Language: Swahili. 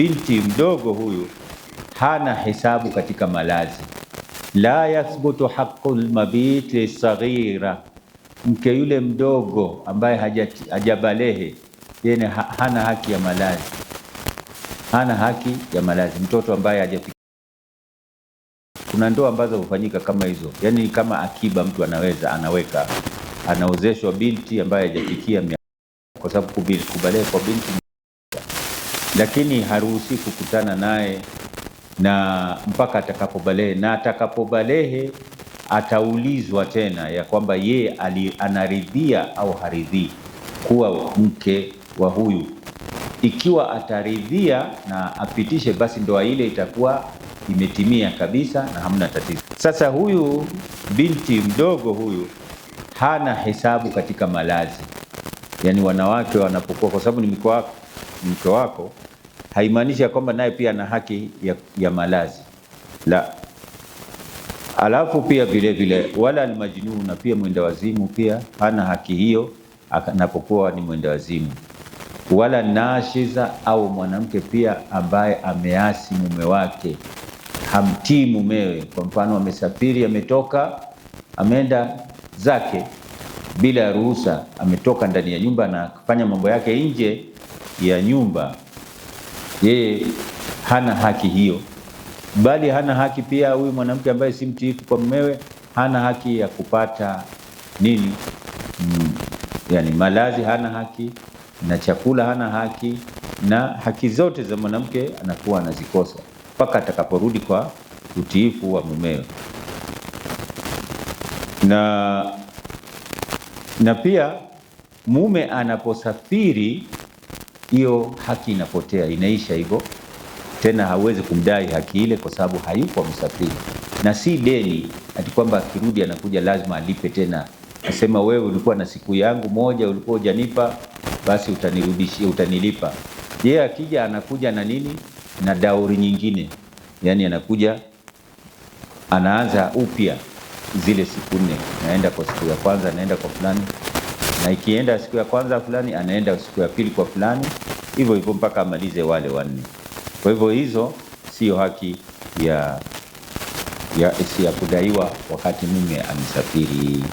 binti mdogo huyu hana hisabu katika malazi. La yathbutu haqqul mabit lisaghira, mke yule mdogo ambaye hajabalehe yeye hana haki ya malazi, hana haki ya malazi, mtoto ambaye hajafikia. Kuna ndoa ambazo hufanyika kama hizo, yani kama akiba, mtu anaweza anaweka, anaozeshwa binti ambaye hajafikia, kwa sababu kubalehe kwa binti lakini haruhusi kukutana naye na mpaka atakapobalehe, na atakapobalehe ataulizwa tena ya kwamba ali, anaridhia au haridhii kuwa mke wa huyu. Ikiwa ataridhia na apitishe, basi ndoa ile itakuwa imetimia kabisa na hamna tatizo. Sasa huyu binti mdogo huyu hana hesabu katika malazi, yaani wanawake wanapokuwa, kwa sababu ni mke wako, mke wako haimaanishi ya kwamba naye pia ana haki ya, ya malazi la. Alafu pia vile vile wala almajnun, na pia mwendawazimu pia hana haki hiyo anapokuwa ni mwendawazimu. Wala nashiza, au mwanamke pia ambaye ameasi mume wake, hamtii mumewe. Kwa mfano, amesafiri, ametoka, ameenda zake bila ruhusa, ametoka ndani ya nyumba na kufanya mambo yake nje ya nyumba yeye hana haki hiyo, bali hana haki pia huyu mwanamke ambaye si mtiifu kwa mmewe hana haki ya kupata nini? Mm, yani malazi hana haki na chakula hana haki, na haki zote za mwanamke anakuwa anazikosa mpaka atakaporudi kwa utiifu wa mumewe. Na, na pia mume anaposafiri hiyo haki inapotea, inaisha hivyo. Tena hawezi kumdai haki ile kwa sababu hayupo msafiri na si deni ati kwamba akirudi anakuja lazima alipe tena, asema wewe ulikuwa na siku yangu moja ulikuwa hujanipa, basi utanirudishia, utanilipa. Yeye akija anakuja na nini? Na dauri nyingine, yani anakuja anaanza upya zile siku nne, naenda kwa siku ya kwanza, naenda kwa fulani na ikienda siku ya kwanza fulani, anaenda siku ya pili kwa fulani, hivyo hivyo mpaka amalize wale wanne. Kwa hivyo hizo siyo haki ya, ya, ya kudaiwa wakati mume amesafiri.